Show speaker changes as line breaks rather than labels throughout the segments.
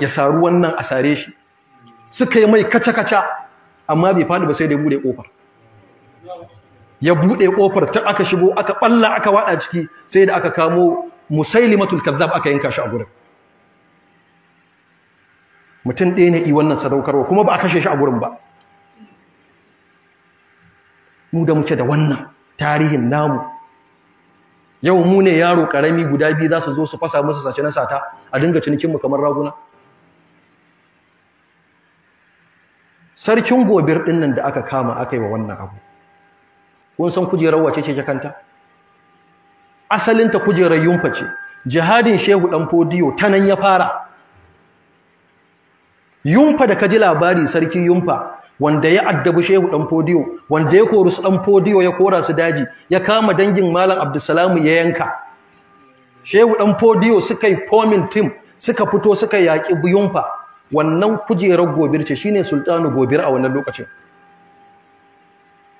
ya saru wannan a sare shi suka yi mai kaca-kaca amma bai faɗi ba sai da ya buɗe ƙofar ya buɗe ƙofar ta aka shigo aka ɓalla aka waɗa ciki sai da aka kamo musailimatul kazzab aka yanka shi a gurin mutum ɗaya ne yi wannan sadaukarwa kuma ba a kashe shi a gurin ba mu da muke da wannan tarihin namu yau mu ne yaro ƙarami guda biyu za su zo su fasa masa sace na sata a dinga cinikinmu kamar raguna sarkin gobir ɗin nan da aka kama aka yi wa wannan abu kun san kujerar wace ce jakanta asalinta kujerar yunfa ce jihadin shehu ɗan fodiyo ta nan ya fara yunfa da ka ji labari sarki yunfa wanda ya addabi shehu ɗan fodiyo wanda ya kori su ɗan fodiyo ya kora su daji ya kama dangin malam Abdulsalam ya yanka shehu ɗan fodiyo suka yi fomin tim suka fito suka yaƙi yunfa wannan kujerar gobir ce shine sultanu gobir a wannan lokacin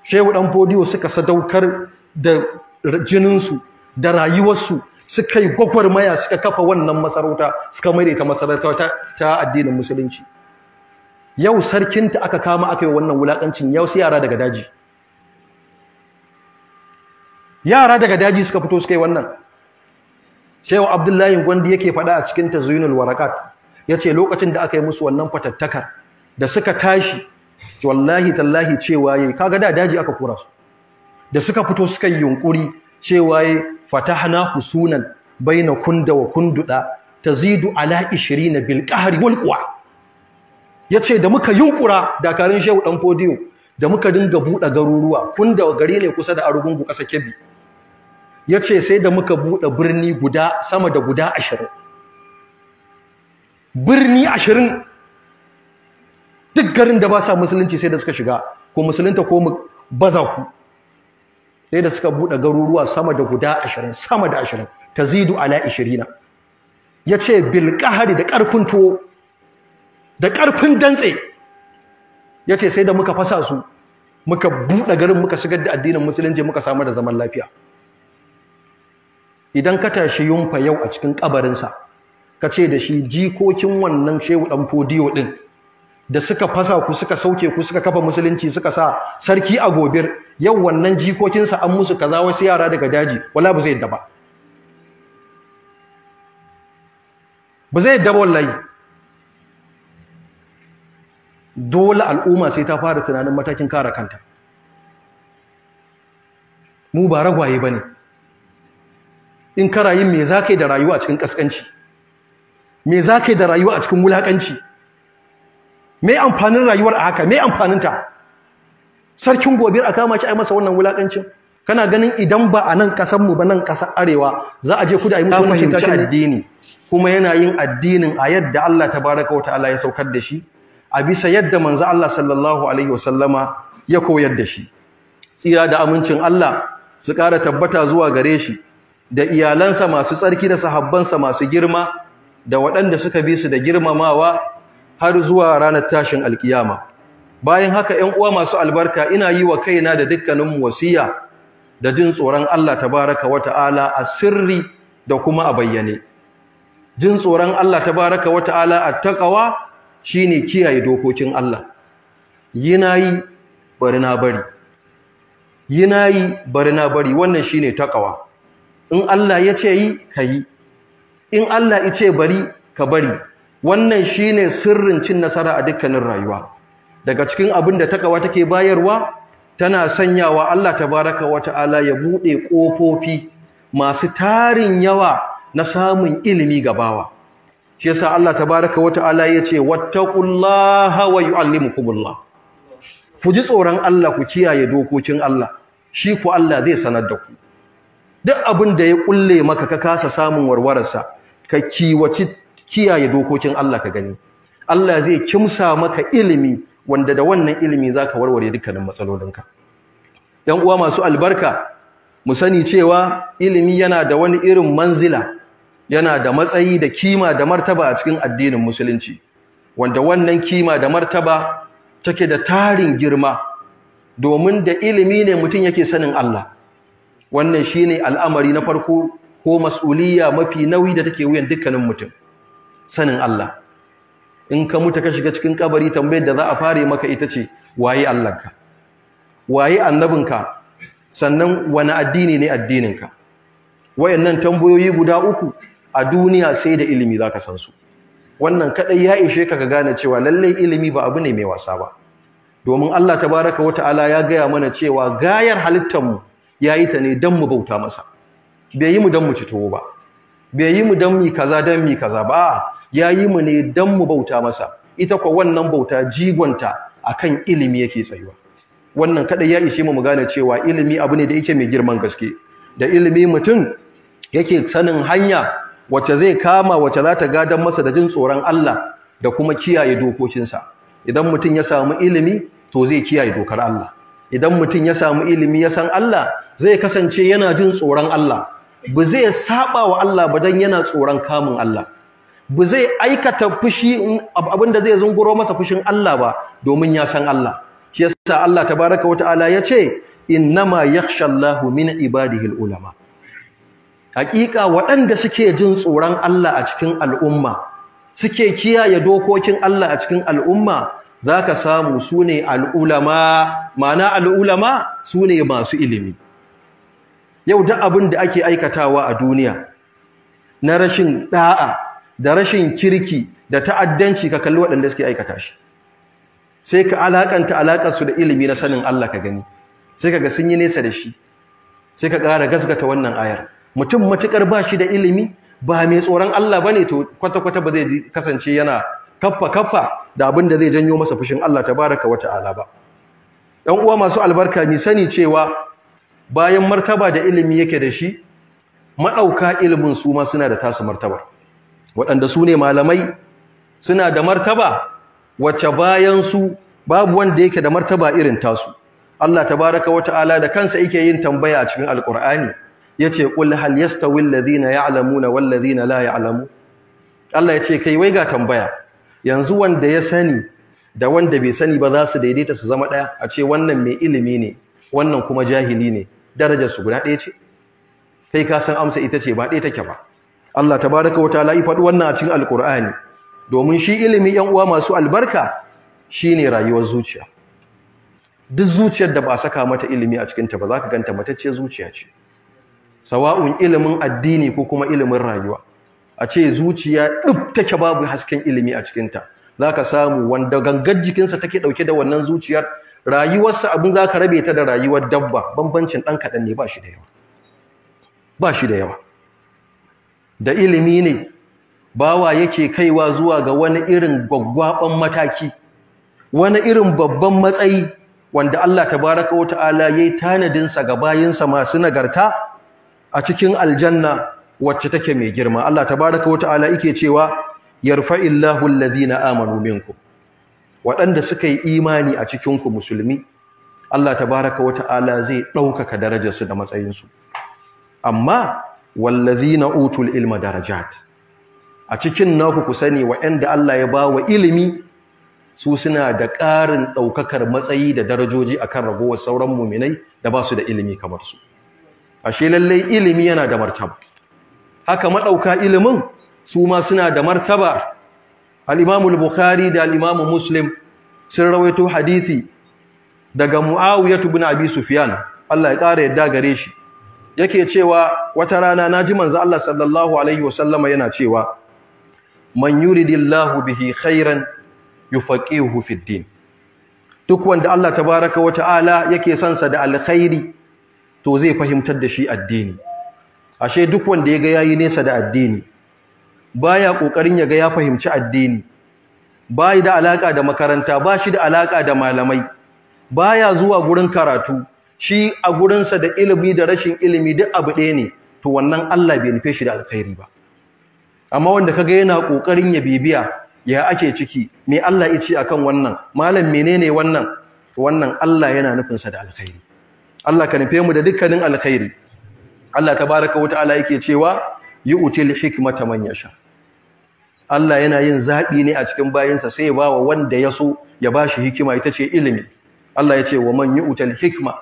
shehu ɗan fodiyo suka sadaukar da jininsu da rayuwarsu suka yi gwagwarmaya suka kafa wannan masarauta suka maida ita masarauta ta addinin musulunci yau sarkinta aka kama aka yi wannan wulakancin yau sai yara daga daji yara daga daji suka fito suka yi wannan shehu abdullahi gwandi yake faɗa a cikin tazwinul warakat Ya ce lokacin da aka yi musu wannan fatattakar da suka tashi wallahi tallahi cewa yi kaga da daji aka kura su da suka fito suka yi yunkuri cewa yayi sunan husunan baina kunda wa kunduda tazidu ala 20 bil qahri wal quwa yace da muka yunkura dakarun shehu ɗan fodiyo da muka dinga buɗe garuruwa kunda wa gari ne kusa da arugungu ƙasa kebi yace sai da muka buɗe birni guda sama da guda ashirin. birni ashirin duk garin da ba sa musulunci sai da suka shiga ko musulunta ko mu baza ku sai da suka buɗe garuruwa sama da guda ashirin sama da ashirin ta zidu ala ishirina ya ce bilƙahari da ƙarfin tuwo da ƙarfin dantse ya ce sai da muka fasa su muka buɗe garin muka shigar da addinin musulunci muka samar da zaman lafiya idan ka tashi yunfa yau a cikin ƙabarinsa kace da shi jikokin wannan shehu dan fodiyo din da suka fasa ku suka sauke ku suka kafa musulunci suka sa sarki a gobir yau wannan jikokinsa an musu kaza wasu yara daga daji wala ba zai yadda ba ba zai yadda ba wallahi dole al'umma sai ta fara tunanin matakin kare kanta mu ba ragwaye ba ne in karayin me za ka yi da rayuwa cikin ƙasƙanci me za ka yi da rayuwa a cikin wulaƙanci me amfanin rayuwar a haka me amfaninta sarkin gobir a kama ki a masa wannan wulaƙancin kana ganin idan ba a nan kasanmu ba nan ƙasar arewa za a je kudu a yi musu wani fahimci addini kuma yana yin addinin a yadda Allah ta baraka wa ta'ala ya saukar da shi a bisa yadda manzo Allah sallallahu alaihi wasallama ya koyar da shi tsira da amincin Allah su ƙara tabbata zuwa gare shi da iyalansa masu tsarki da sahabbansa masu girma da waɗanda suka bi su da girmamawa har zuwa ranar tashin alkiyama bayan haka 'yan uwa masu albarka ina yi wa kaina da dukkaninmu wasiya da jin tsoron Allah tabaraka wata'ala a sirri da kuma a bayyane jin tsoron Allah tabaraka wata'ala a taqwa shine kiyaye dokokin Allah Yi bari na bari yi bari na bari wannan shine takawa in Allah ya ce yi kayi in Allah ya ce bari ka bari wannan shine sirrin cin nasara a dukkanin rayuwa daga cikin abin da takawa take bayarwa tana sanyawa Allah tabaraka wata'ala ya bude kofofi masu tarin yawa na samun ilimi gabawa shi yasa Allah tabaraka wata'ala yace wattaqullaha wa yuallimukumullah ku ji tsoron Allah ku kiyaye dokokin Allah shi ku Allah zai sanar da ku duk abin da ya kulle maka ka kasa samun warwararsa ka kiwaci kiyaye dokokin Allah ka gani Allah zai kimsa maka ilimi wanda da wannan ilimi zaka warware dukkanin matsalolinka dan uwa masu albarka mu sani cewa ilimi yana da wani irin manzila yana da matsayi da kima da martaba a cikin addinin musulunci wanda wannan kima da martaba take da tarin girma domin da ilimi ne mutum yake sanin Allah wannan shine al'amari na farko ko mas'uliyya mafi nauyi da take wuyan dukkanin mutum sanin Allah in ka mutu ka shiga cikin kabari tambayar da za a fare maka ita ce waye Allahnka waye annabinka sannan wani addini ne addinin ka? wayannan tambayoyi guda uku a duniya sai da ilimi zaka san su wannan kadai ya ishe ka ka gane cewa lallai ilimi ba abu ne mai wasa ba domin Allah tabaraka wata'ala ya gaya mana cewa gayar halittar mu yayi ta ne dan mu bauta masa bai yi mu don mu cito ba bai yi mu don mi kaza don mi kaza ba ya yi mu ne don mu bauta masa ita kwa wannan bauta jigonta kan ilimi yake tsayuwa wannan kada ya ishe mu mu gane cewa ilimi abu ne da yake mai girman gaske da ilimi mutum yake sanin hanya wacce zai kama wacce za ta gadon masa da jin tsoron Allah da kuma kiyaye dokokinsa idan mutum ya samu ilimi to zai kiyaye dokar Allah idan mutum ya samu ilimi ya san Allah zai kasance yana jin tsoron Allah ba zai saba wa Allah ba dan yana tsoron kamun Allah ba zai aikata fushi abinda zai zunguro masa fushin Allah ba domin ya san Allah shi yasa Allah tabaraka wa ta'ala yace innama yakhsha Allahu min ibadihi ulama hakika waɗanda suke jin tsoron Allah a cikin al'umma suke kiyaye dokokin Allah a cikin al'umma zaka samu sune al'ulama ma'ana al'ulama sune masu ilimi yau da abin da ake aikatawa a duniya na rashin ɗa'a da rashin kirki da ta'addanci ka kalli waɗanda suke aikata shi sai ka alakanta alakar su da ilimi na sanin Allah ka gani sai ka sun yi nesa da shi sai ka ƙara gaskata wannan ayar mutum matuƙar ba shi da ilimi ba mai tsoron Allah ba ne to kwata-kwata ba zai kasance yana kaffa kaffa da abin da zai janyo masa fushin Allah ta baraka wata ta'ala ba ɗan uwa masu albarka ni sani cewa bayan martaba da ilimi yake da shi maɗauka ilimin su ma suna da tasu martaba. waɗanda su ne malamai suna da martaba wacce bayan su babu wanda yake da martaba irin tasu Allah tabaraka ta'ala da kansa yake yin tambaya a cikin alkur'ani yace qul hal yastawi alladhina ya'lamuna wal ladhina la ya'lamu Allah yace kai wai ga tambaya yanzu wanda ya sani da wanda bai sani ba za su daidaita su zama daya a ce wannan mai ilimi ne wannan kuma jahili ne Darajar su guda ɗaya ce kai ka san amsa ita ce ba ɗaya take ba Allah ta wa wata la'i faɗi wannan a cikin Alƙur'ani. domin shi ilimi yan uwa masu albarka shine rayuwar zuciya duk zuciyar da ba saka mata ilimi a cikinta ba za ka ganta matacce zuciya ce sawa'un ilimin addini ko kuma ilimin rayuwa a ce zuciya ɗub take babu hasken ilimi a cikinta za ka samu wanda gangar jikinsa take ɗauke da wannan zuciyar rayuwarsa abin za ka rabe ta da rayuwar dabba bambancin ɗan kaɗan ne ba shi da yawa ba shi da yawa da ilimi ne bawa yake kaiwa zuwa ga wani irin gwaggwaɓan mataki wani irin babban matsayi wanda Allah tabaraka wa ta'ala yayi tanadinsa ga bayinsa masu nagarta a cikin aljanna wacce take mai girma Allah tabaraka wa ta'ala yake cewa illahu alladhina amanu minkum waɗanda suka yi imani a cikinku musulmi Allah tabaraka wa ta'ala zai ɗaukaka darajarsu da matsayinsu amma wallazina utul ilma darajat a cikin naku ku sani waɗanda Allah ya bawa ilimi su suna da ƙarin ɗaukakar matsayi da darajoji akan ragowar sauran muminai da ba su da ilimi kamar su ashe lallai ilimi yana da martaba haka maɗauka ilimin su ma suna da martaba al-Imam bukhari da al Muslim sun rawaito hadisi daga Muawiyah ibn Abi Sufyan Allah ya ƙara yadda gare shi yake cewa wata rana naji manza Allah sallallahu alaihi wasallama yana cewa man yuridillahu bihi khairan yufaqihuhu fid fiddin duk wanda Allah baraka wata ala yake sansa da alkhairi to zai fahimtar da shi addini ashe duk wanda ya ga yayi nesa da addini baya kokarin yaga ya fahimci addini bai da alaka da makaranta ba shi da alaka da malamai baya zuwa gurin karatu shi a gurinsa da ilimi da rashin ilimi duk abu ɗaya ne to wannan Allah bai nufe shi da alkhairi ba amma wanda ka ga yana kokarin ya bibiya ya ake ciki me Allah ya ce akan wannan malam menene wannan wannan Allah yana nufinsa da alkhairi Allah ka nufe mu da dukkanin alkhairi Allah tabaraka wa ta'ala yake cewa Yi yu'til ta man yasha Allah yana yin zaɓi ne a cikin bayansa, sai ya bawa wanda ya so ya bashi hikima ita ce ilimi Allah ya ce wa man yu'tal hikma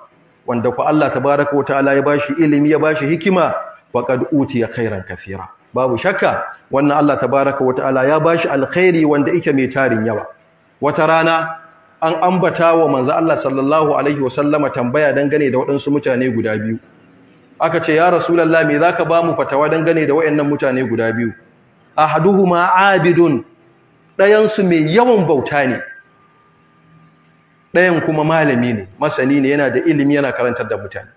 wanda ku Allah tabaraka wa ta'ala ya bashi ilimi ya bashi hikima faqad utiya khairan kafira. babu shakka wannan Allah tabaraka wa ta'ala ya bashi alkhairi wanda yake mai tarin yawa wata rana an ambata wa manzo Allah sallallahu alaihi wasallama tambaya dangane da waɗansu mutane guda biyu aka ce ya rasulullah me zaka ba mu fatawa dangane da wayannan mutane guda biyu ahaduhuma abidun dayan su mai yawan bauta ne Ɗayan kuma malami ne masani ne yana da ilimi yana karantar da mutane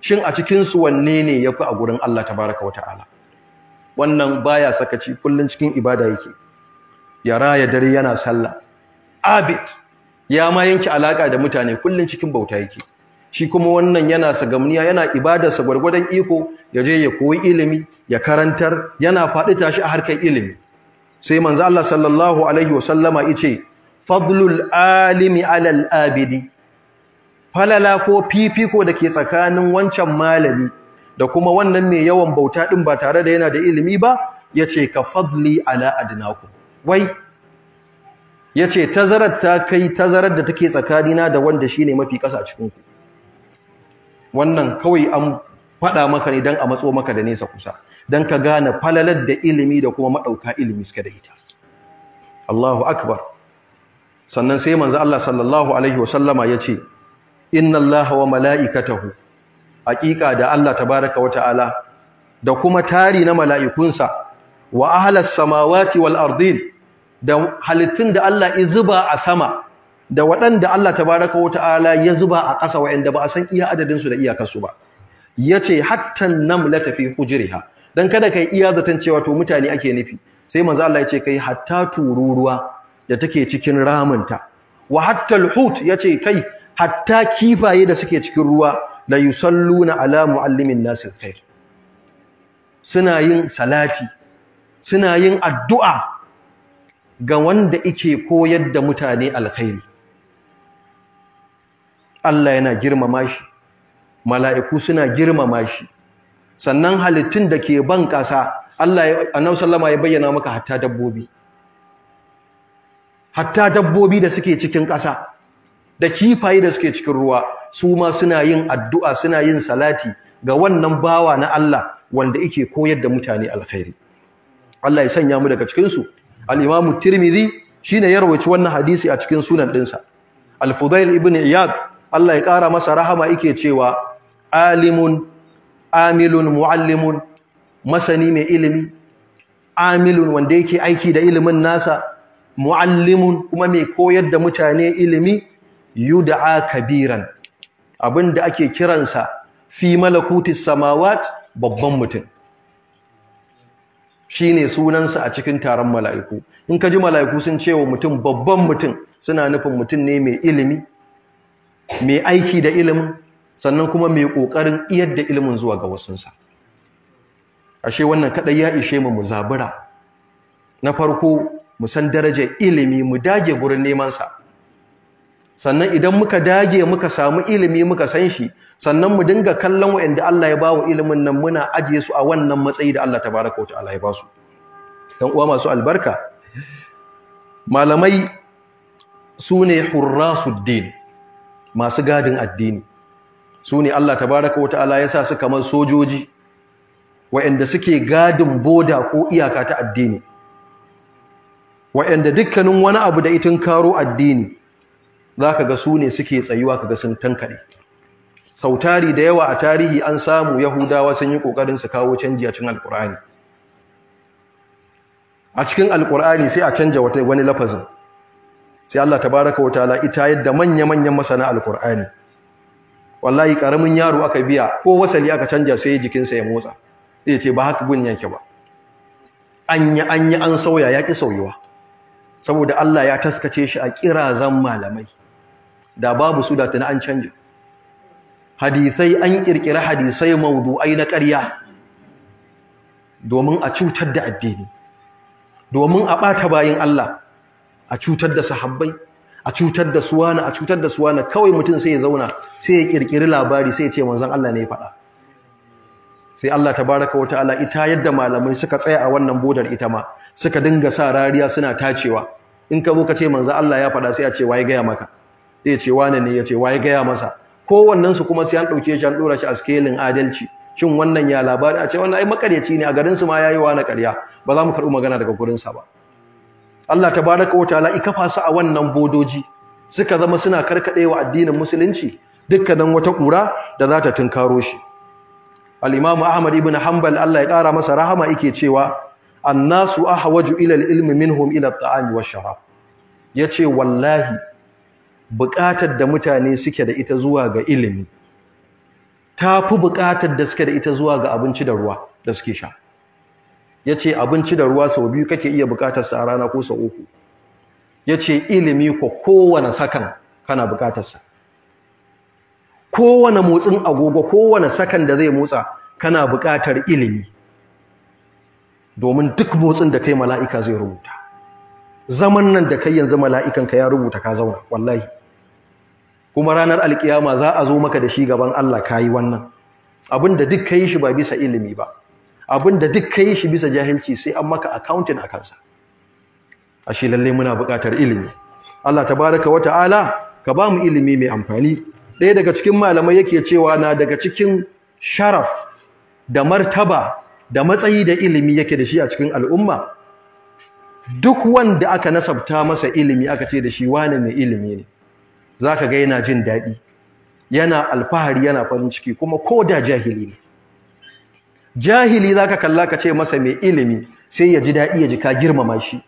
shin a cikinsu su wanne ne yafi a gurin Allah tabaraka wa ta'ala wannan baya sakaci kullun cikin ibada yake ya dare yana sallah abid ya ma yanke alaka da mutane kullun cikin bauta yake shi kuma wannan yana sagamniya yana ibadarsa gwargwadon iko ya je ya koyi ilimi ya karantar yana faɗi tashi a harkar ilimi sai manzo Allah sallallahu alaihi wasallama yace fadlul alimi alal abidi falala ko fifiko da ke tsakanin wancan malami da kuma wannan mai yawan bauta din ba tare da yana da ilimi ba yace ka fadli ala adnaku wai yace tazarar ta kai tazarar da take tsakanina da wanda shine mafi ƙasa cikin ku wannan kawai an faɗa maka ne don a matso maka da nesa kusa don ka gane falalar da ilimi da kuma maɗauka ilimi suka da ita Allahu akbar sannan sai manzo Allah sallallahu alaihi wasallama ya ce inna Allaha wa mala'ikatahu haƙiƙa da Allah tabaraka wa ta'ala da kuma tari na mala'ikunsa wa ahlas samawati wal ardin da halittun da Allah izuba a sama da waɗanda Allah tabaraka wa ta'ala ya zuba a ƙasa wa'inda ba a san iya adadinsu da iyakarsu ba Ya yace hatta namlata fi hujriha dan kada kai iya zaton cewa to mutane ake nufi sai manzo Allah yace kai hatta tururuwa da take cikin ramunta wa hatta alhut ce kai hatta kifaye da suke cikin ruwa la yusalluna ala muallimin nas alkhair suna yin salati suna yin addu'a ga wanda ike koyar da mutane alkhairi Allah yana girmama shi mala'iku suna girmama shi sannan halittun da ke ban ƙasa Allah ya annabi sallama ya bayyana maka hatta dabbobi hatta dabbobi da suke cikin ƙasa da kifaye da suke cikin ruwa su ma suna yin addu'a suna yin salati ga wannan bawa na Allah wanda yake koyar da mutane alkhairi Allah ya sanya mu daga cikin su al-Imam Tirmidhi shine ya rawaci wannan hadisi a cikin sunan ɗinsa, Al-Fudail ibn Iyad Allah ya ƙara masa rahama ike cewa alimun amilun muallimun masani mai ilimi amilun wanda yake aiki da ilimin nasa muallimun kuma mai koyar da mutane ilimi yud'a kabiran abinda ake kiransa fi malakutis samawat babban mutum shine sunansa a cikin taron mala'iku in ka ji mala'iku sun ce wa mutum babban mutum suna nufin mutum ne mai ilimi mai aiki da ilimin sannan kuma mai ƙoƙarin iyar da ilimin zuwa ga wasunsa ashe wannan kaɗai ya ishe mu mu zabura na farko mu san darajar ilimi mu dage gurin nemansa sannan idan muka dage muka samu ilimi muka san shi sannan mu dinga kallon waɗanda Allah ya bawa ilimin nan muna ajiye su a wannan matsayi da Allah wata Allah ya ba su uwa masu albarka malamai su ne hurrasuddin masu gadin addini su ne Allah tabaraka ta'ala ya sa su kamar sojoji wa'anda suke gadin boda ko iyaka ta addini wa'anda dukkanin wani abu da itin karo addini zaka ga su ne suke tsayuwa ga sun tankade sautari da yawa a tarihi an samu yahudawa sun yi kokarin su kawo canji a cikin alkur'ani a cikin alkur'ani sai a canja wani lafazin sai Allah tabaraka wata ta'ala ita yadda manya-manyan masana alkur'ani wallahi karamin yaro aka biya ko wasali aka canja sai jikinsa ya motsa zai ce ba haka gun yanke ba anya anya an sauya ya ki sauyuwa saboda Allah ya taskace shi a kirazan malamai da babu su da tana an canja hadisai an kirkira hadisai maudu'ai na ƙarya domin a cutar da addini domin a ɓata bayin Allah a cutar da sahabbai a cutar da suwana a cutar da suwana kawai mutum sai ya zauna sai ya kirkiri labari sai ya ce manzon Allah ne ya faɗa sai Allah tabaraka wa ta'ala ita yadda malamai suka tsaya a wannan bodar ita ma suka dinga sa rariya suna tacewa in ka zo ka ce manzon Allah ya faɗa sai a ce waye gaya maka sai ya ce wane ne ya ce waye gaya masa kowannen su kuma sai an dauke shi an dora shi a skelin adalci shin wannan ya labari a ce wannan ai makaryaci ne a garin su ma yayi yiwa na ƙarya ba za mu karɓi magana daga gurin sa ba Allah tabaraka wa ta'ala ikafa su a wannan bodoji suka zama suna karkadewa addinin musulunci dukkanin wata kura da za ta tunkaro shi al-imamu ahmad ibn hanbal Allah ya kara masa rahama yake cewa annasu ahwaju ila al-ilmi minhum ila at wa wash-sharab yace wallahi buƙatar da mutane suke da ita zuwa ga ilimi tafi buƙatar da suke da ita zuwa ga abinci da ruwa da suke sha ya ce abinci da ruwa sau biyu kake iya bukatarsa a rana ko sau uku ya ce ilimi ko kowane sakan kana bukatarsa kowane motsin agogo kowane sakan da zai motsa kana bukatar ilimi domin duk motsin da kai mala'ika zai rubuta zaman nan da kai yanzu mala'ikanka ya rubuta ka zauna wallahi kuma ranar alkiyama za a zo maka da shi gaban Allah ka yi wannan abinda duk ka yi shi ba bisa ilimi ba abin da duk yi shi bisa jahilci sai an maka akauntin a kansa A shi lalle muna buƙatar ilimi Allah ta baraka wa ta'ala ka ba mu ilimi mai amfani ɗaya daga cikin malamai yake cewa na daga cikin sharaf da martaba da matsayi da ilimi yake da shi a cikin al'umma duk wanda aka nasabta masa ilimi aka ce da shi wane mai ilimi ne zaka ga yana jin daɗi yana alfahari yana farin ciki kuma ko da jahili ne jahili za ka kalla ka ce masa mai ilimi sai ya ji daɗi ya ji ka girmama shi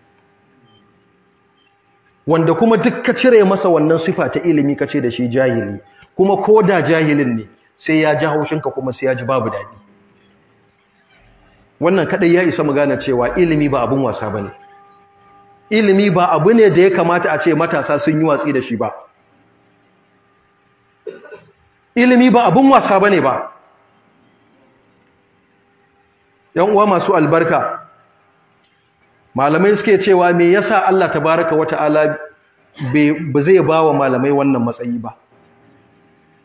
wanda kuma duk ka cire masa wannan sufa ta ilimi ka ce da shi jahili kuma ko da jahilin ne sai ya ji haushinka kuma sai ya ji babu daɗi wannan kaɗai ya isa mu gane cewa ilimi ba abin wasa ba ne ilimi ba abu ne da ya kamata a ce matasa sun yi watsi da shi ba ilimi ba abin wasa ba ne ba yan uwa masu albarka malamai suke cewa me yasa Allah tabaraka ala ba zai ba wa malamai wannan matsayi ba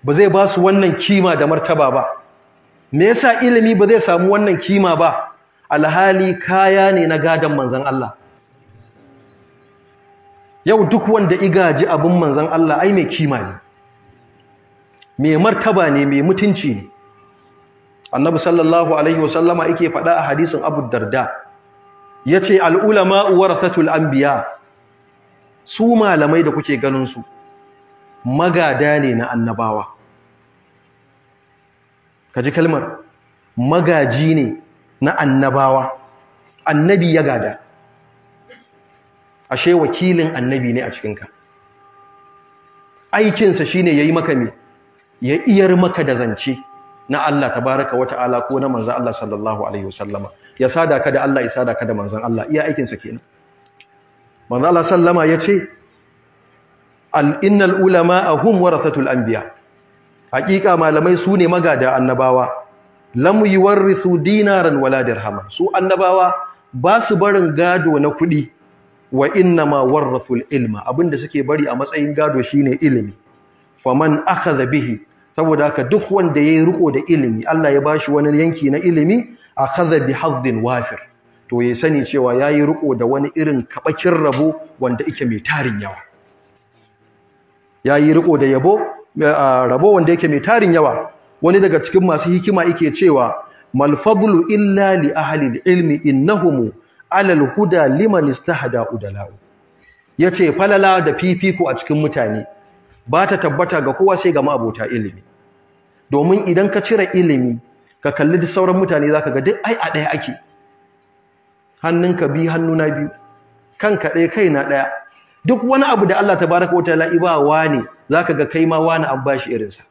ba zai ba su wannan kima da martaba ba me yasa ilimi ba zai samu wannan kima ba alhali kaya ne na gadon manzan Allah yau duk wanda igaji abin manzan Allah ai mai kima ne mai martaba ne mai mutunci ne annabi sallallahu alaihi wasallama yake faɗa a hadisin abu darda yace al ulama warathatul anbiya su malamai da kuke ganin su magada ne na annabawa kaji kalmar magaji ne na annabawa annabi ya gada ashe wakilin annabi ne a cikinka aikinsa shine yayi maka me ya iyar maka da zance na Allah tabaraka wa ta'ala ko na manzon Allah sallallahu alaihi wasallama ya sada ka da Allah ya sada ka da manzon Allah iya aikin sa kenan manzon Allah sallama yace al innal ulama hum warathatul anbiya hakika malamai su ne magada annabawa lam yuwarrithu dinaran wala dirhama su annabawa ba su barin gado na kuɗi wa innama warrathul ilma abinda suke bari a matsayin gado shine ilimi faman akhadha bihi saboda haka duk wanda ya yi riko da ilimi Allah ya bashi wani yanki na ilimi akhadha bi hazzin wafir to ya sani cewa yayi riko da wani irin kabakin rabo wanda yake mai tarin yawa yayi riko da yabo rabo wanda yake mai tarin yawa wani daga cikin masu hikima yake cewa mal fadlu illa li ahli ilmi innahum ala al huda liman istahda udala yace falala da fifiko a cikin mutane ba ta tabbata ga kowa sai ga ma'abota ilimi domin idan ka cire ilimi ka kalli da sauran mutane za ka ga duk ai a ɗaya ake bi hannu na biyu kanka ɗaya kai na ɗaya duk wani abu da Allah ta baraka wata la'ibawa ne za ka ga kai ma wani an bashi irinsa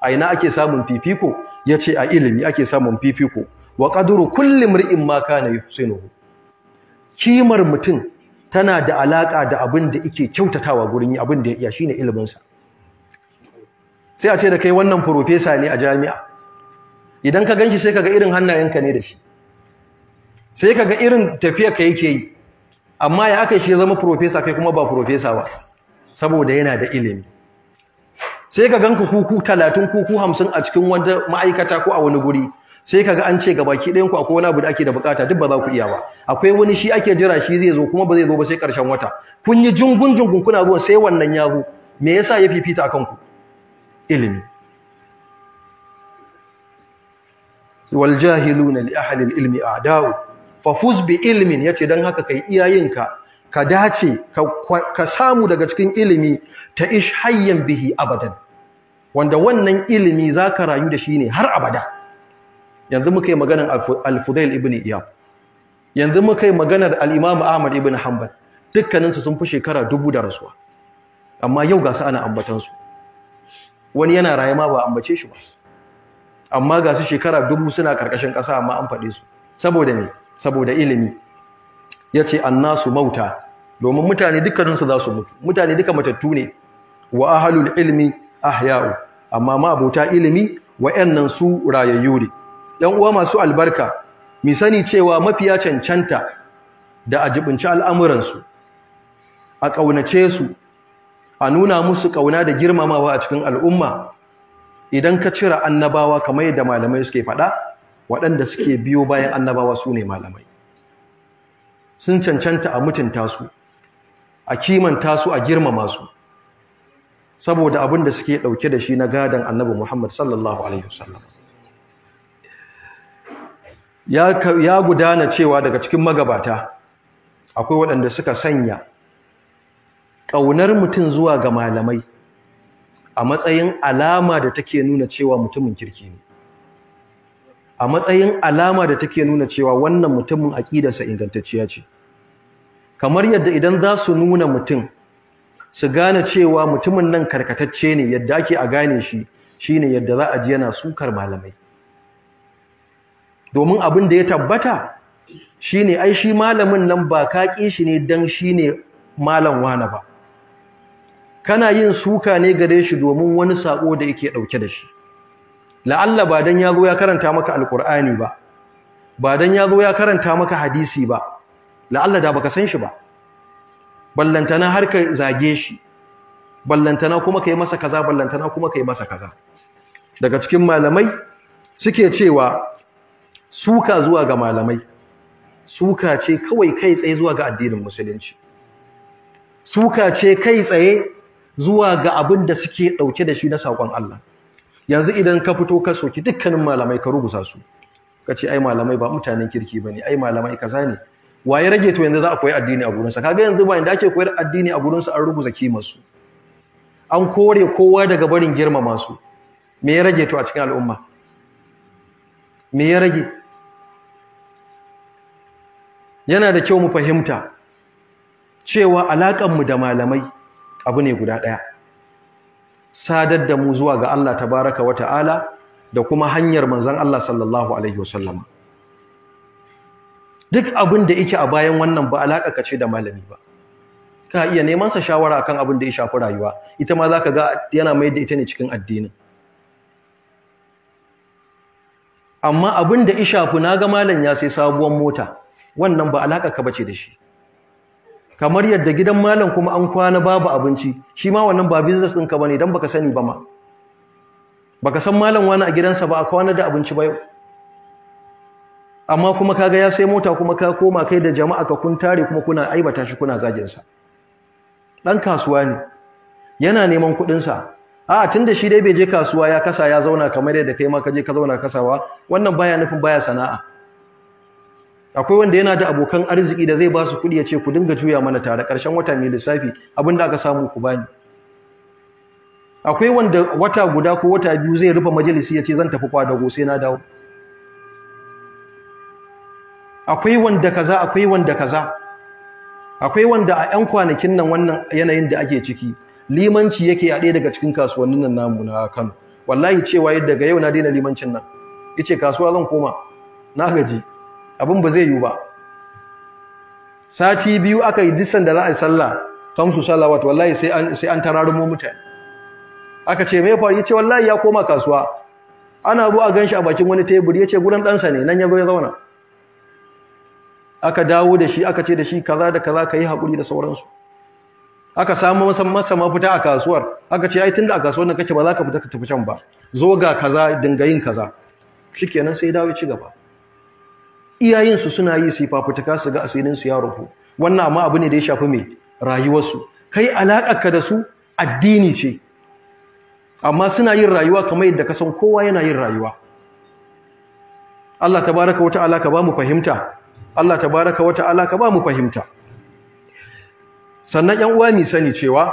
a ina ake samun fifiko ya ce a ilimi ake samun fifiko wa ƙaduru kullum ri'in ma kana yusinuhu kimar mutum tana da alaƙa da abin da ike kyautatawa gurin yi abin da ya iya ne ilimin sai a ce da kai wannan Furofesa ne a jami'a idan ka ganshi sai kaga irin hannayenka ne da shi sai kaga irin tafiyar ka yake yi amma ya aka shi zama Furofesa kai kuma ba professor ba saboda yana da ilimi sai ka ganka kuku talatin kuku hamsin a cikin wanda ma'aikata ko a wani guri sai kaga an ce ga baki ɗayan ku akwai wani abu da ake da bukata duk ba za ku iya ba akwai wani shi ake jira shi zai zo kuma ba zai zo ba sai ƙarshen wata kun yi jungun jungun kuna zuwa sai wannan ya zo me yasa ya fifita akan ku ilimi wal jahiluna li ahli al ilmi a'da'u fuz bi ilmin yace dan haka kai iyayenka ka dace ka samu daga cikin ilimi ta ish hayyan bihi abadan wanda wannan ilimi zaka rayu da shi ne har abada yanzu muka yi maganar al ibn iya yanzu muka yi maganar al ahmad ibn hanbal dukkaninsu sun fi shekara dubu da rasuwa amma yau ga su ana ambatansu wani yana raye ma ba ambace shi ba amma ga su shekara dubu suna karkashin kasa amma an faɗe su saboda ne, saboda ilimi yace annasu mauta domin mutane dukkaninsu za su mutu mutane duka matattu ne wa ahlul ilmi ahya'u amma ma abota ilimi wa'annan su rayayyu ne ɗan uwa masu albarka mi sani cewa mafiya cancanta da a jibinci al'amuransu a ƙaunace su a nuna musu ƙauna da girmamawa a cikin al'umma idan ka cira annabawa kamar yadda malamai suke faɗa waɗanda suke biyo bayan annabawa su ne malamai sun cancanta a mutunta su a kimanta su a girmama su saboda abin da suke ɗauke da shi na gadon annabi muhammad sallallahu alaihi wasallam ya gudana cewa daga cikin magabata akwai waɗanda suka sanya ƙaunar mutum zuwa ga malamai a matsayin alama da take nuna cewa mutumin kirki ne a matsayin alama da take nuna cewa wannan mutumin aƙidarsa ingantacciya ce kamar yadda idan za su nuna mutum su gane cewa mutumin nan karkatacce ne yadda ake a gane shi shine yadda za a ji yana sukar malamai domin abin da ya tabbata shi ne ai shi malamin nan ba kaƙi shi ne don shi ne malam wane ba kana yin suka ne gare shi domin wani sako da yake ɗauke da shi la'alla ba dan zo ya karanta maka Alƙur'ani ba ba dan zo ya karanta maka hadisi ba la'alla da baka san shi ba ballantana har ka zage shi ballantana kuma ka yi masa kaza ballantana kuma ka yi masa kaza daga cikin malamai suke cewa suka zuwa ga malamai suka ce kawai kai tsaye zuwa ga addinin musulunci suka ce kai tsaye zuwa ga abin da suke ɗauke da shi na sakon Allah yanzu idan ka fito ka soki dukkanin malamai ka rubuta su ka ce ai malamai ba mutanen kirki ba ne ai malamai kaza ne waye rage to yanzu za a koyi addini a gurinsa kaga yanzu ba inda ake koyar addini a gurinsa an rubuta kimarsu an kore kowa daga barin girmama su me ya rage to a cikin al'umma me ya rage yana da kyau mu fahimta cewa alaƙanmu da malamai abu ne guda ɗaya sadar da mu zuwa ga Allah Ta baraka wa ta'ala da kuma hanyar manzan Allah sallallahu alaihi wasallama duk abin da yake a bayan wannan ba alaƙa ka ce da malami ba ka iya neman sa shawara akan abin da ya shafi rayuwa ita ma zaka ga yana mai da ita ne cikin addini amma abin da ya shafi naga malam ya sai sabuwar mota wannan ba alaƙa ka bace da shi kamar yadda gidan malam kuma an kwana babu abinci shi ma wannan ba business ɗinka ba don ba baka sani ba ma baka san malam wani a gidansa ba a kwana da abinci ba yau amma kuma kaga ya sai mota kuma ka koma kai da jama'a ka kun tare kuma kuna aibata shi kuna zagin sa dan kasuwa ne yana neman kuɗin sa tun da shi dai bai je kasuwa ya kasa ya zauna kamar yadda kai ma ka je ka zauna kasawa wannan baya nufin baya sana'a akwai wanda yana da abokan arziki da zai ba su kuɗi ya ce ku dinga juya mana tare ƙarshen wata mai lissafi abin da aka samu ku bani akwai wanda wata guda ko wata biyu zai rufe majalisi ya ce zan tafi kwadago sai na dawo akwai wanda kaza akwai wanda kaza akwai wanda a 'yan kwanakin nan wannan yanayin da ake ciki limanci yake a ɗaya daga cikin kasuwannin nan namu na Kano wallahi cewa yadda ga yau na daina limancin nan yace kasuwa zan koma na gaji abin ba zai yi ba sati biyu aka yi disan da za a yi sallah kamsu salawat wallahi sai an sai an tararumo mutane aka ce me faru yace wallahi ya koma kasuwa ana a ganshi a bakin wani teburi yace gurin ɗansa ne nan ya zo ya zauna aka dawo da shi aka ce da shi kaza da kaza yi hakuri da sauransu aka samu masa masa mafita a kasuwar aka ce ai tunda a kasuwar nan kake ba za ka fita ka tafi can ba zo ga kaza dinga yin kaza shikenan sai dawo ya ci gaba iyayensu suna yi su fafutuka su ga asirinsu ya rufu wannan ma abu ne da ya shafi mai rayuwarsu kai alaƙarka da su addini ce amma suna yin rayuwa kamar yadda ka san kowa yana yin rayuwa Allah tabaraka wata'ala ka ba mu fahimta Allah ba mu fahimta sannan yan uwa mi sani cewa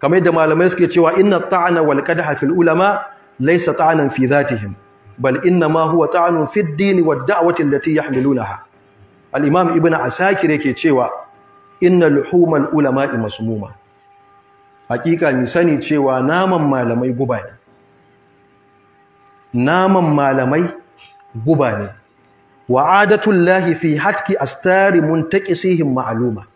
kamar yadda malamai suke cewa inna ta'ana wal qadha fil ulama laysa ta'anan fi dhatihim bal inna ma huwa ta'anun fi ad-din wa ad-da'wati allati al-imam ibn asakir yake cewa inna luhuman ulama'i masmuma hakika ni sani cewa naman malamai guba ne naman malamai guba ne wa lahi fi hatki astari muntaqisihim ma'luma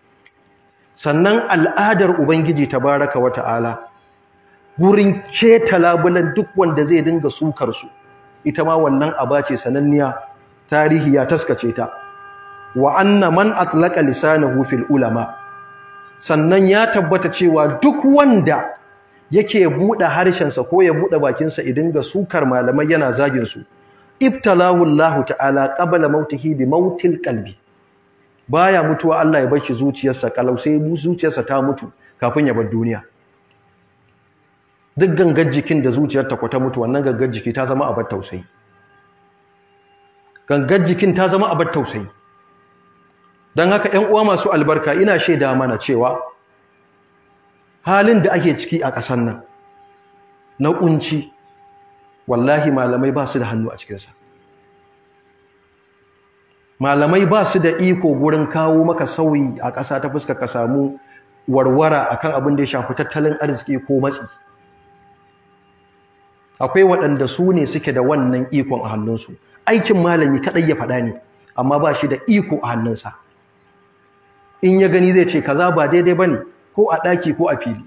sannan al'adar ubangiji baraka wa ta'ala gurin keta labulan duk wanda zai dinga sukar su ita ma wannan aba ce sananniya tarihi ya taskace ta wa anna man atlaqa lisanahu fil ulama sannan ya tabbata cewa duk wanda yake buɗe sa ko ya buɗe sa, idan ga sukar malamai yana zagin su ibtalahu Allah ta'ala qabla mautihi bi mautil qalbi baya mutuwa Allah ya bar shi zuciyarsa kalau sai zuciyarsa ta mutu kafin ya bar duniya duk gangar jikin da zuciyar ta kwata mutu wannan gangar jiki ta zama abar tausayi gangar jikin ta zama abar tausayi don haka ‘yan uwa masu albarka ina shaida mana cewa halin da ake ciki a ƙasar nan na ƙunci wallahi malamai ba su da hannu a cikinsa malamai ba su da iko gurin kawo maka sauyi a ƙasa ta fuska ka samu warwara akan abin da ya shafi tattalin arziki ko matsi akwai waɗanda su ne suke da wannan ikon a hannunsu aikin malami kaɗai ya faɗa ne amma ba shi da iko a hannunsa in ya gani zai ce kaza ba daidai ba ne ko a ɗaki ko a fili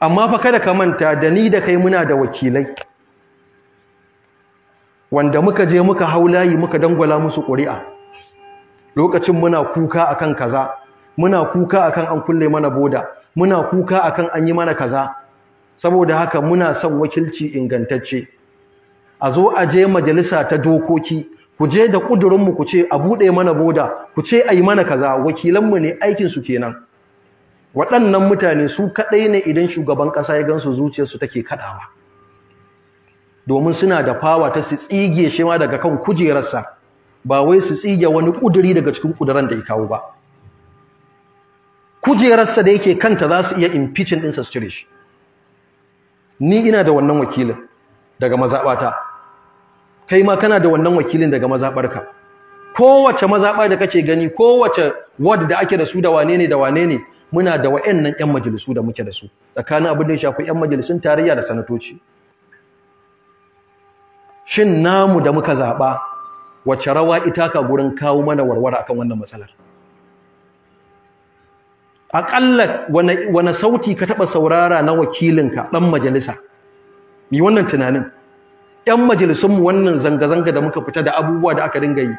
amma fa kada ka manta da ni da kai muna da wakilai wanda muka je muka hau layi muka dangwala musu ƙuri'a lokacin muna kuka akan kaza muna kuka akan an kulle mana boda muna kuka akan an yi mana kaza saboda haka muna son wakilci ingantacce a zo a je majalisa ta dokoki ku je da kudurinmu ku ce a buɗe mana boda ku ce a yi mana kaza wakilanmu ne aikin aikinsu kenan waɗannan mutane su kaɗai ne idan shugaban ƙasa ya gansu zuciyarsu take kaɗawa domin suna da fawa ta su tsige shi ma daga kan kujerarsa ba wai su tsige wani ƙuduri daga cikin kuduran da ya kawo ba kujerarsa da yake kanta za su iya impeaching ɗinsa su cire shi ni ina da wannan wakilin daga mazaɓata kai ma kana da wannan wakilin daga mazaɓarka kowace mazaɓa da kake gani kowace ward da ake da su da wane ne da wane ne muna da wa'annan 'yan majalisu da muke da su tsakanin abin da ya shafi 'yan majalisun tarayya da sanatoci shin namu da muka zaɓa wace rawa ita ka gurin kawo mana warware akan wannan matsalar aƙalla wane sauti ka taɓa saurara na wakilinka ɗan majalisa mi wannan tunanin 'yan majalisunmu wannan zanga-zanga da muka fita da abubuwa da aka dinga yi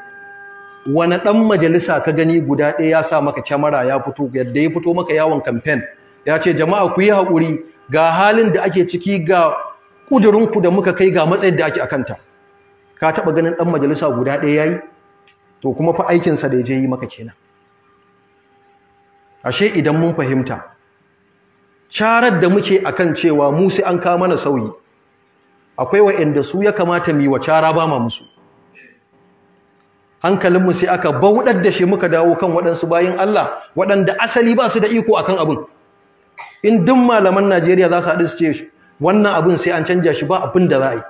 wane ɗan majalisa ka gani guda ɗaya ya sa maka kyamara ya fito yadda ya fito maka yawon kamfen ya ce jama'a ku yi haƙuri ga halin da ake ciki ga ƙudurinku da muka kai ga matsayin da ake akanta ka taɓa ganin ɗan majalisa guda ɗaya ya yi to kuma fa aikinsa da ya je yi maka kenan ashe idan mun fahimta carar da muke akan cewa mu sai an kawo mana sauyi akwai wa'anda su ya kamata mu yi wa cara ba ma musu hankalinmu sai aka bauɗar da shi muka dawo kan waɗansu bayin Allah waɗanda asali ba su da iko akan abin in duk malaman Najeriya za su haɗu su ce wannan abin sai an canja shi ba abin da za a yi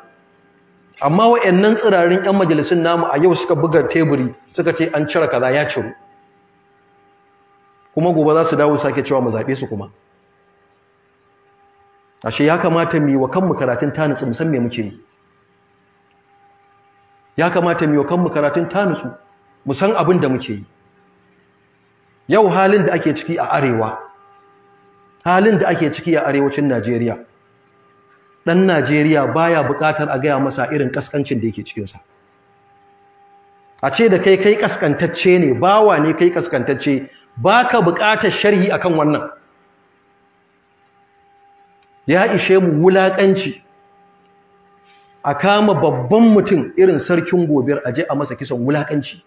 amma nan tsirarin 'yan majalisun namu a yau suka buga teburi suka ce an cire kaza ya ciro kuma gobe za su dawo sake cewa mu zaɓe su kuma ashe ya kamata mu yi wa kanmu karatun ta nutsu musan me muke yi ya kamata mu wa kanmu karatun ta nutsu san abin da muke yi yau halin da ake ciki a arewa halin da ake ciki a arewacin Najeriya ɗan Najeriya baya buƙatar a gaya masa irin kaskancin da yake cikinsa a ce da kai kai kaskantacce ne bawa ne kai kaskantacce baka buƙatar sharhi akan wannan ya ishe mu wulaƙanci a kama babban mutum irin sarkin gobir aje a masa kisan wulaƙanci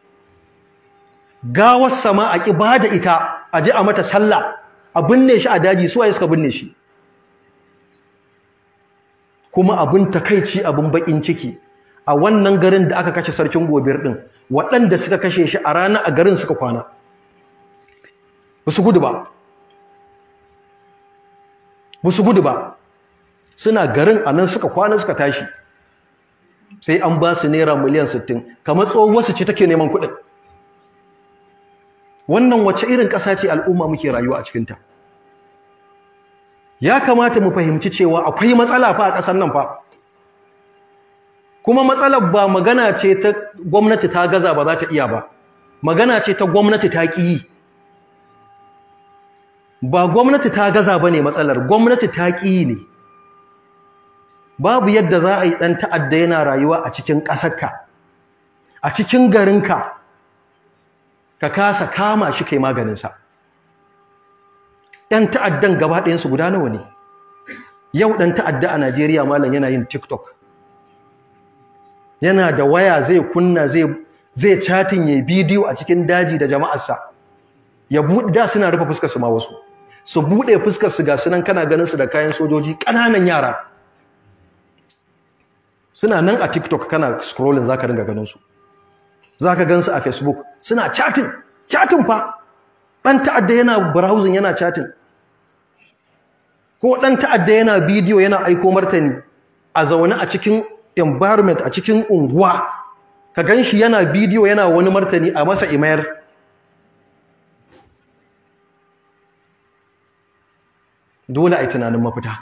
gawar sama a ƙi ba da ita aje a mata sallah a binne shi a daji su waye suka binne shi kuma abin takaici abin bakin ciki a wannan garin da aka kashe sarkin gobir ɗin waɗanda suka kashe shi a rana a garin suka kwana busu gudu ba busu gudu ba suna garin a nan suka kwana suka tashi sai an ba su naira miliyan 60 kamar wasu ce take neman kuɗin wannan wace irin ƙasa ce al'umma muke rayuwa a cikinta ya kamata mu fahimci cewa akwai matsala fa a ƙasar nan fa kuma matsalar ba magana ce ta gwamnati ta gaza ba za ta iya ba magana ce ta gwamnati ta ƙi ba gwamnati ta gaza ba ne matsalar gwamnati ta ƙi ne babu yadda za a yi ɗan ta'adda yana rayuwa a cikin ƙasarka a cikin garinka ka kasa kama shi kai maganinsa ‘yan ta'addan gaba ɗayansu guda nawa ne yau ɗan ta'adda a najeriya malam yana yin tiktok yana da waya zai kunna zai chatin ya bidiyo a cikin daji da jama'arsa ya buɗe da suna rufe fuskarsu ma wasu su buɗe fuskar su ga sunan kana ganin su da kayan sojoji kananan yara suna nan a TikTok kana scrolling zaka dinga ganin su zaka gan su a Facebook suna chatting chatting fa dan ta'adda yana browsing yana chatting ko dan ta'adda yana bidiyo yana aiko martani a zaune a cikin environment a cikin unguwa ka ganshi yana bidiyo yana wani martani a masa imayar dole a yi tunanin mafita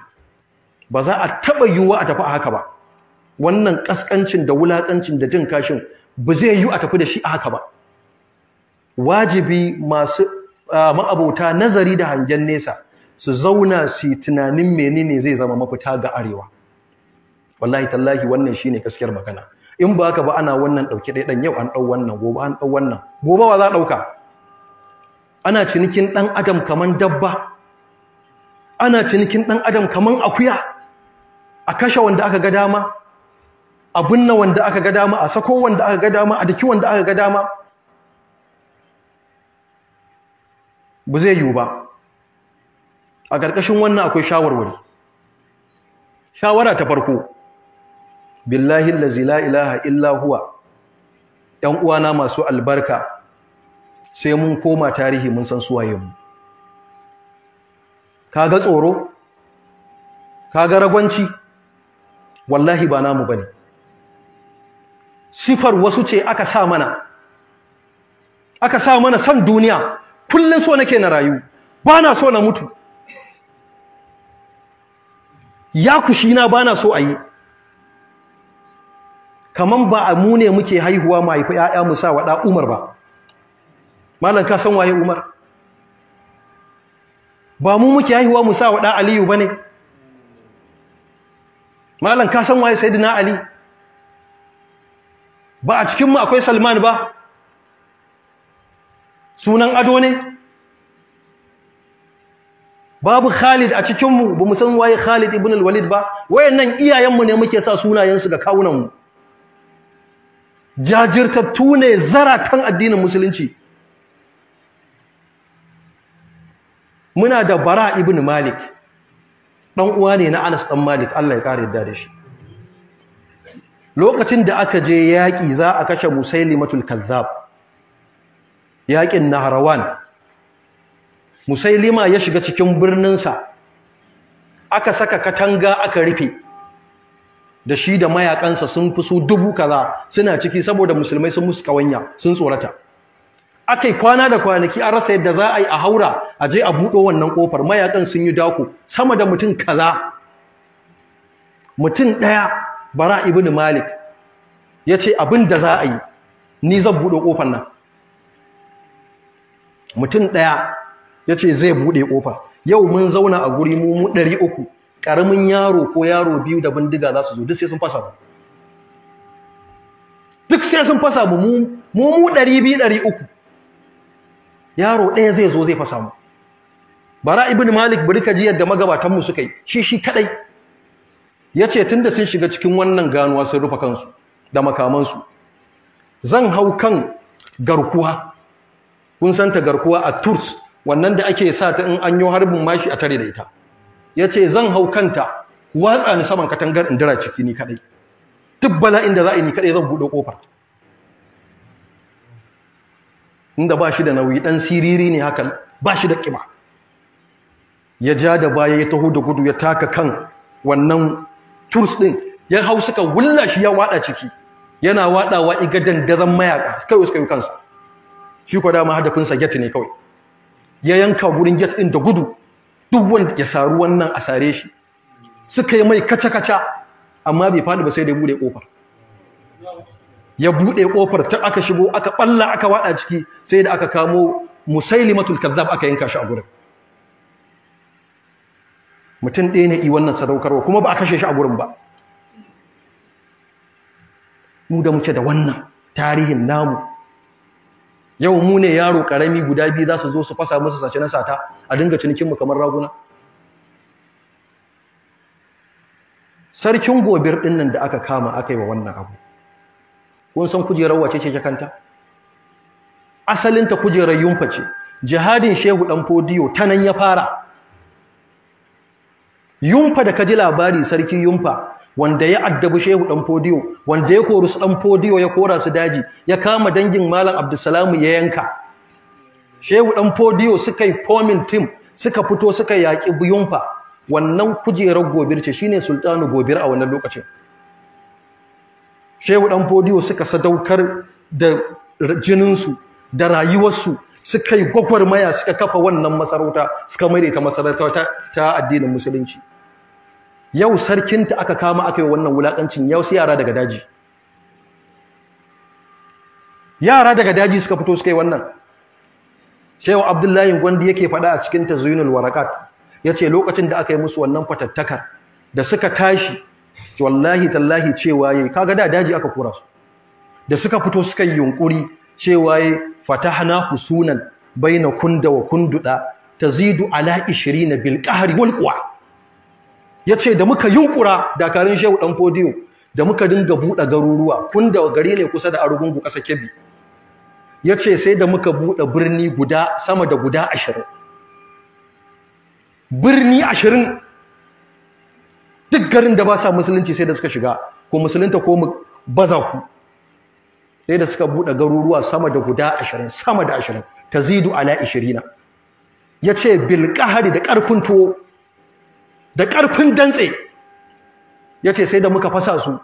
ba za a taɓa yiwuwa a tafi a haka ba wannan ƙasƙancin da wulaƙancin da jin kashin ba zai yiwu a tafi da shi a haka ba wajibi masu ma'abota nazari da hangen nesa su zauna su tunanin menene zai zama mafita ga arewa wallahi tallahi wannan shine gaskiyar magana in ba haka ba ana wannan ɗauke ɗaya ɗan yau an ɗau wannan gobe an ɗau wannan gobe wa za a ɗauka ana cinikin ɗan adam kamar dabba ana cinikin ɗan adam kaman akuya a kashe wanda aka ga dama a binne wanda aka ga dama a sako wanda aka ga dama a daki wanda aka ga dama ba zai yiwu ba a ƙarƙashin wannan akwai shawarwari shawara ta farko billahi lazi la ilaha illa huwa uwana masu albarka sai mun koma tarihi mun san suwayenmu mu kaga tsoro kaga ragwanci wallahi ba namu bane sifar wasu ce aka sa mana aka sa mana san duniya kullun so nake na rayu bana so na mutu ya na bana so a yi. kaman ba mu ne muke haihuwa mu haifi ƴaƴa mu sa wada Umar ba mallan ka san waye Umar ba mu muke haihuwa mu sa wa ɗa aliyu ba ne malam ka san waye sayyidina ali ba a cikin mu akwai salman ba sunan ado ne babu khalid a cikin mu bamu san waye khalid ibn al-walid ba wayannan iyayen mu ne muke sa sunayen su ga kawunan mu jajirtattu ne zaratan addinin musulunci muna da bara ibn malik Ɗan uwa ne na anas ɗan malik Allah ya kare da shi lokacin da aka je yaƙi za a kashe musailimatul kazzab yaƙin na naharawan musailima ya shiga cikin birninsa aka saka katanga aka rufe da shi da mayakansa sun fi su dubu kaza suna ciki saboda musulmai sun musu kawanya sun tsorata akai kwana da kwanaki an rasa yadda za a yi a haura a je a buɗo wannan ƙofar mayakan sun yi dako sama da mutum kaza mutum ɗaya bara ibn malik ya ce abin da za a yi ni zan buɗe ƙofar nan mutum ɗaya ya ce zai buɗe ƙofar yau mun zauna a guri mu ɗari uku ƙaramin yaro ko yaro biyu da bindiga za su zo duk sai sun fasa mu duk sai sun fasa mu mu mu ɗari biyu ɗari uku yaro ɗaya zai zo zai fa samu bara ibn malik bari ka ji yadda magabatan mu suka yi shi shi kadai yace tunda sun shiga cikin wannan ganuwa sun rufe kansu da makamansu zan hau kan garkuwa kun san ta garkuwa a turs wannan da ake sa ta in an yi harbin mashi a tare da ita yace zan hau kanta watsa ni saman katangar indira ciki ni kadai duk bala'in da za a yi ni kadai zan buɗe kofar inda ba shi da nauyi ɗan siriri ne haka ba shi da ƙiba ya ja da baya ya taho da gudu ya taka kan wannan turs ɗin ya hau suka wulla shi ya waɗa ciki yana waɗawa igadan dazan mayaka kawai suka yi kansu shi ko dama hadafinsa get ne kawai ya yanka wurin get ɗin da gudu duk wanda ya saru wannan a sare shi suka yi mai kaca-kaca amma bai faɗi ba sai da bude ƙofar ya buɗe ƙofar ta aka shigo aka ɓalla aka waɗa ciki sai da aka kamo musailimatul kazzab aka yanka shi a gurin mutum ɗaya ne yi wannan sadaukarwa kuma ba a kashe shi a gurin ba mu da muke da wannan tarihin namu yau mu ne yaro ƙarami guda biyu za su zo su fasa masa sace na sata a dinga cinikinmu kamar raguna sarkin gobir ɗinnan da aka kama aka yi wa wannan abu kun san kujerar wace ce kanta asalinta kujerar yunfa ce jihadin shehu dan fodiyo ta nan ya fara yunfa da kaji labari sarki yunfa wanda ya addabu shehu dan fodiyo wanda ya kori su dan fodiyo ya kora su daji ya kama dangin malam Abdulsalam ya yanka shehu dan fodiyo suka yi forming team suka fito suka yaki yunfa wannan kujerar gobir ce shine sultanu gobir a wannan lokacin shehu ɗan fodiyo suka sadaukar da jininsu da rayuwarsu suka yi gwagwarmaya suka kafa wannan masarauta suka maida ta masarauta ta addinin musulunci yau sarkinta aka kama aka yi wannan wulakancin yau sai yara daga daji yara daga daji suka fito suka yi wannan shehu abdullahi gwandi yake faɗa a cikin tazwinul warakat yace lokacin da aka yi musu wannan fatattakar da suka tashi wallahi tallahi cewa yayi kaga da daji aka kora su da suka fito suka yi yunkuri cewa yayi fatahna husunan baina kunda wa kunduda tazidu ala 20 bil qahri wal quwa yace da muka yunkura dakarun shehu ɗan fodiyo da muka dinga buɗe garuruwa kunda gari ne kusa da arugungu ƙasa kebbi yace sai da muka buɗe birni guda sama da guda 20 birni ashirin? duk garin da ba sa musulunci sai da suka shiga ko musulunta ko mu baza ku sai da suka buɗe garuruwa sama da guda ashirin sama da ashirin ta zidu ala ishirina ya ce bilƙahari da ƙarfin tuwo da ƙarfin dantse ya ce sai da muka fasa su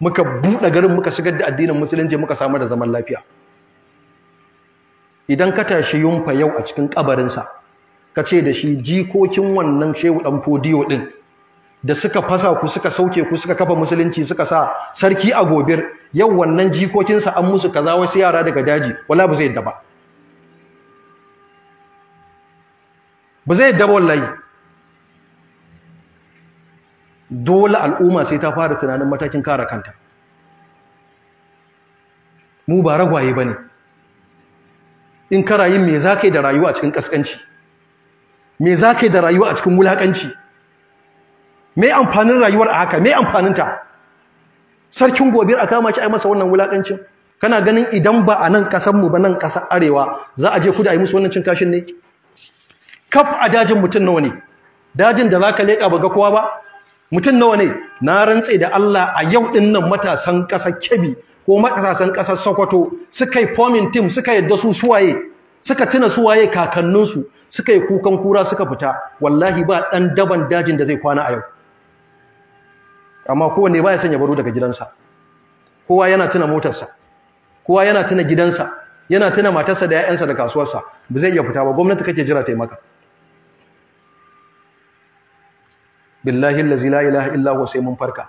muka buɗe garin muka shigar da addinin musulunci muka samar da zaman lafiya idan ka tashi yunfa yau a cikin kabarinsa ka ce da shi jikokin wannan shehu ɗan fodiyo ɗin da suka fasa ku suka sauke ku suka kafa musulunci suka sa sarki a gobir yau wannan jikokinsa an musu kaza wasu yara daga daji wala ba zai yadda ba ba zai yadda ba wallahi dole al'umma sai ta fara tunanin matakin kare kanta mu ba ragwaye ba ne in ka rayu me za ka yi da rayuwa a cikin ƙasƙanci me za ka yi da rayuwa a cikin wulaƙanci me amfanin rayuwar a haka me ta sarkin gobir a kama shi a masa wannan wulakancin kana ganin idan ba a nan kasanmu ba nan kasar arewa za a je kudu a yi musu wannan cin kashin ne kaf a dajin mutum nawa ne dajin da za ka leƙa ba ga kowa ba mutum nawa ne na rantse da Allah a yau ɗin nan matasan ƙasar kebi ko matasan ƙasar Sokoto suka yi forming team suka yadda su suwaye suka tuna suwaye kakanninsu suka yi kukan kura suka fita wallahi ba ɗan daban dajin da zai kwana a yau amma kowanne baya son ya baro daga gidansa kowa yana tuna motarsa kowa yana tuna gidansa yana tuna matarsa da 'ya'yansa da kasuwarsa ba zai iya fita ba gwamnati kake jira ta maka billahi allazi la ilaha illa huwa sai mun farka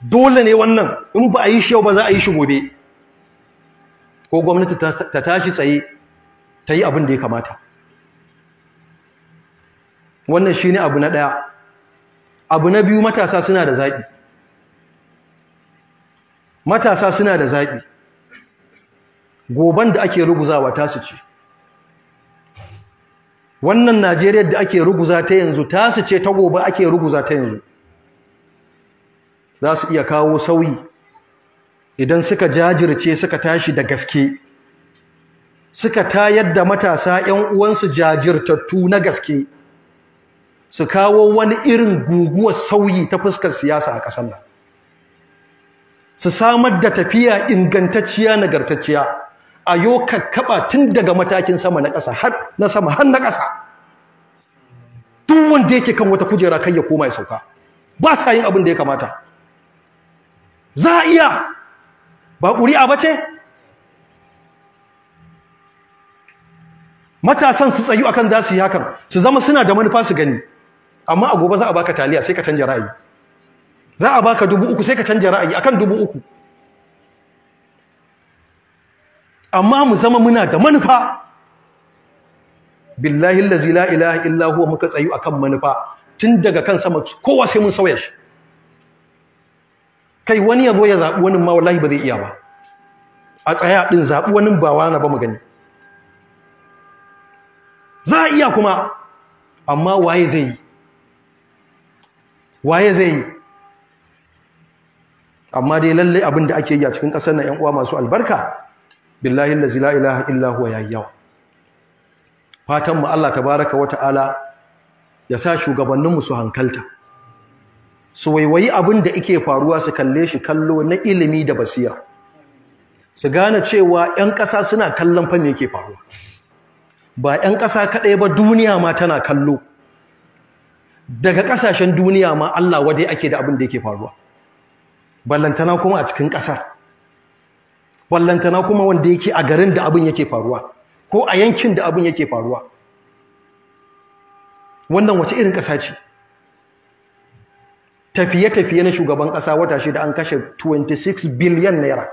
dole ne wannan in ba a yi shi yau ba za a yi shi gobe ko gwamnati ta tashi tsaye ta yi abin da ya kamata wannan shine abu na ɗaya abu na biyu matasa suna da zaɓi matasa suna da zaɓi goban da ake ruguzawa tasu ce wannan najeriya da ake ruguza ta yanzu tasu ce ta gobe ake ruguza ta yanzu za su iya kawo sauyi idan suka jajirce suka tashi da gaske suka tayar da matasa 'yan uwansu jajirtattu na gaske su kawo wani irin guguwar sauyi ta fuskar siyasa a ƙasar nan su samar da tafiya ingantacciya nagartacciya a yau kakkaɓa tun daga matakin sama na ƙasa har na sama har na ƙasa duk wanda yake kan wata kujera kai ya koma ya sauka ba sa yin abin da ya kamata za a iya ba ƙuri'a ba ce matasan su tsayu akan za su yi hakan su zama suna da manufa su gani amma a gobe za a baka taliya sai ka canja ra'ayi za a baka dubu uku sai ka canja ra'ayi akan dubu uku amma mu zama muna da manufa billahi allazi la ilaha illa huwa muka tsayu akan manufa tun daga kan sama kowa sai mun sauya shi kai wani yazo ya zabi wani ma wallahi ba zai iya ba a tsaya din zabi wani ba wani ba magani za a iya kuma amma waye zai yi waye zai yi amma dai lalle abin da ake yi a cikin ƙasar na 'yan uwa masu albarka billahi allazi la ilaha illa huwa yawa fatan mu Allah tabaraka wa ta'ala ya sa shugabanninmu su hankalta su waiwayi abin da ike faruwa su kalle shi kallo na ilimi da basira su gane cewa 'yan ƙasa suna kallon fam yake faruwa ba 'yan ƙasa kaɗai ba duniya ma tana kallo daga kasashen duniya ma Allah wadai ake da abin da yake faruwa ballantana kuma a cikin kasar ballantana kuma wanda yake a garin da abin yake faruwa ko a yankin da abin yake faruwa wannan wace irin ƙasa ce tafiye-tafiye na shugaban ƙasa wata shi da an kashe 26 biliyan naira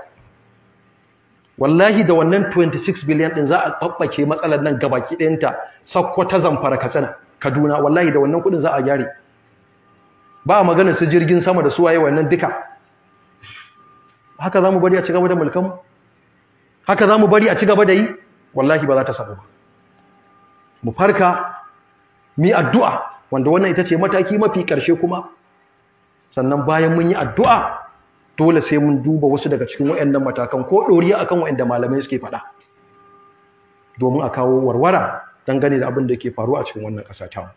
wallahi da wannan 26 biliyan ɗin za a ɓaɓɓake matsalar nan gabaki ɗinta sakko ta zamfara katsina Kaduna wallahi da wannan kudin za a gyare ba magana su jirgin sama da suwaye wannan duka haka za mu bari a cigaba da mu? haka za mu bari a cigaba da yi wallahi ba za ta samu ba mu farka mi addu'a wanda wannan ita ce mataki mafi karshe kuma sannan bayan mun yi addu'a dole sai mun duba wasu daga cikin wayannan matakan ko ɗoriya akan wayanda malamai suke faɗa domin a kawo warwara dangane da abin da ke faruwa a cikin wannan ƙasa ta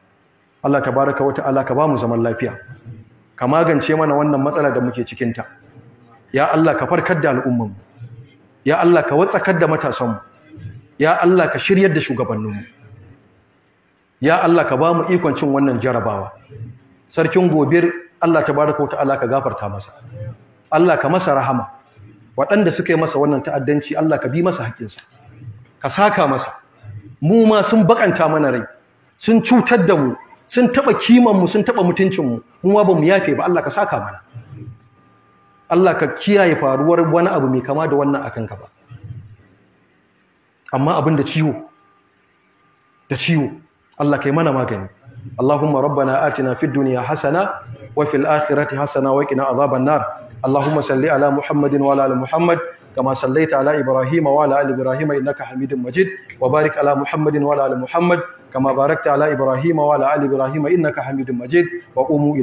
Allah wata ala ka ba mu zaman lafiya ka magance mana wannan matsala da muke cikin ta ya Allah ka farkar da al'umman mu ya Allah ka watsakar da matasan mu ya Allah ka shiryar da shugabannin mu ya Allah ka ba mu ikon cin wannan jarabawa sarkin gobir Allah ta baraka wata ala ka gafarta masa Allah ka masa rahama waɗanda suka yi masa wannan ta'addanci Allah ka bi masa haƙƙinsa ka saka masa mu ma sun bakanta mana rai sun cutar da mu sun taba kiman mu sun taba mutuncin mu mu ma mu yafe ba Allah ka saka mana Allah ka kiyaye faruwar wani abu mai kama da wannan akan ka ba amma abin da ciwo da ciwo Allah kai mana magani اللهم ربنا آتنا في الدنيا حسنة وفي الآخرة حسنة وقنا عذاب النار اللهم salli على muhammadin وعلى آل محمد كما صليت على إبراهيم وعلى آل إبراهيم إنك حميد مجيد وبارك على محمد وعلى آل محمد كما باركت على إبراهيم وعلى آل إبراهيم إنك حميد مجيد وقوموا